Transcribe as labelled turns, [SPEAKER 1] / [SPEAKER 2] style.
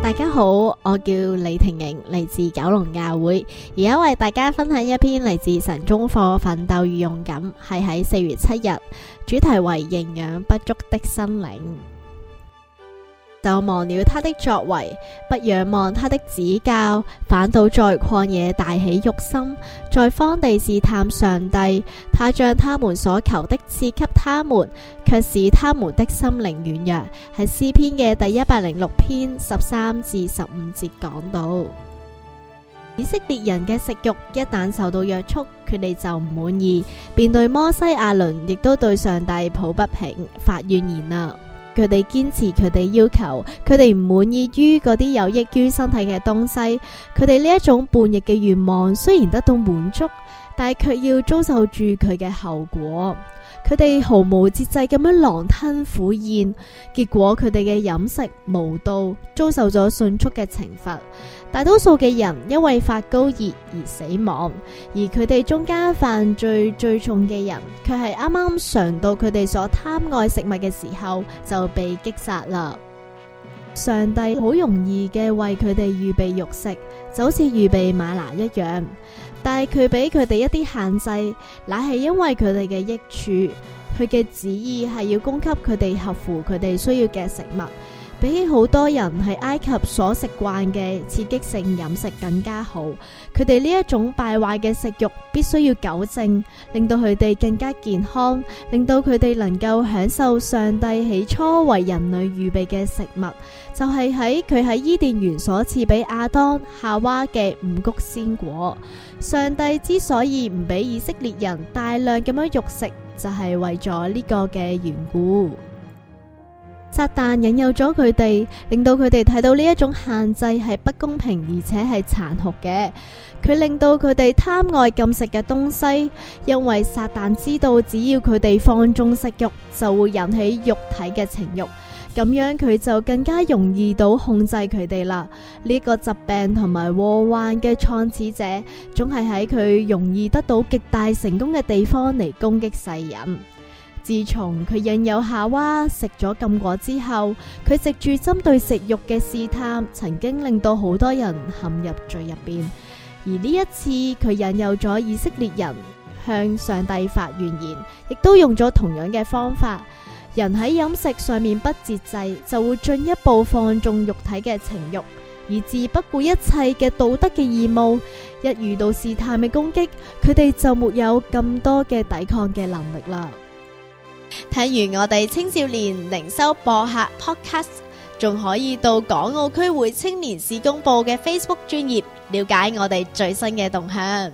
[SPEAKER 1] 大家好，我叫李婷穎，嚟自九龍教會，而家為大家分享一篇嚟自神中課奮鬥與勇敢，係喺四月七日，主題為營養不足的生靈。就忘了他的作為，不仰望他的指教，反倒在曠野大起慾心，在荒地試探上帝。他將他們所求的賜給他們，卻使他們的心靈軟弱。喺詩篇嘅第一百零六篇十三至十五節講到，以色列人嘅食欲一旦受到約束，佢哋就唔滿意，便對摩西、亞倫，亦都對上帝抱不平，發怨言啦。佢哋堅持佢哋要求，佢哋唔滿意於嗰啲有益於身體嘅東西，佢哋呢一種叛逆嘅願望雖然得到滿足。但係卻要遭受住佢嘅後果，佢哋毫無節制咁樣狼吞虎咽，結果佢哋嘅飲食無度，遭受咗迅速嘅懲罰。大多數嘅人因為發高熱而死亡，而佢哋中間犯罪最，最重嘅人，卻係啱啱嘗到佢哋所貪愛食物嘅時候就被擊殺啦。上帝好容易嘅為佢哋預備肉食，就好似預備嗎哪一樣。但係佢畀佢哋一啲限制，乃係因為佢哋嘅益處，佢嘅旨意係要供給佢哋合乎佢哋需要嘅食物。比起好多人喺埃及所食慣嘅刺激性飲食更加好，佢哋呢一種敗壞嘅食欲必須要糾正，令到佢哋更加健康，令到佢哋能夠享受上帝起初為人類預備嘅食物，就係喺佢喺伊甸園所賜俾亞當、夏娃嘅五穀鮮果。上帝之所以唔俾以色列人大量咁樣肉食，就係、是、為咗呢個嘅緣故。撒旦引誘咗佢哋，令到佢哋睇到呢一種限制係不公平，而且係殘酷嘅。佢令到佢哋貪愛禁食嘅東西，因為撒旦知道只要佢哋放縱食欲，就會引起肉體嘅情欲，咁樣佢就更加容易到控制佢哋啦。呢、這個疾病同埋禍患嘅創始者，總係喺佢容易得到極大成功嘅地方嚟攻擊世人。自從佢引誘夏娃食咗禁果之後，佢藉住針對食欲嘅試探，曾經令到好多人陷入罪入邊。而呢一次，佢引誘咗以色列人向上帝發怨言，亦都用咗同樣嘅方法。人喺飲食上面不節制，就會進一步放縱肉體嘅情欲，以至不顧一切嘅道德嘅義務。一遇到試探嘅攻擊，佢哋就沒有咁多嘅抵抗嘅能力啦。睇完我哋青少年靈修博客 podcast，仲可以到港澳區會青年事工部嘅 Facebook 專頁了解我哋最新嘅動向。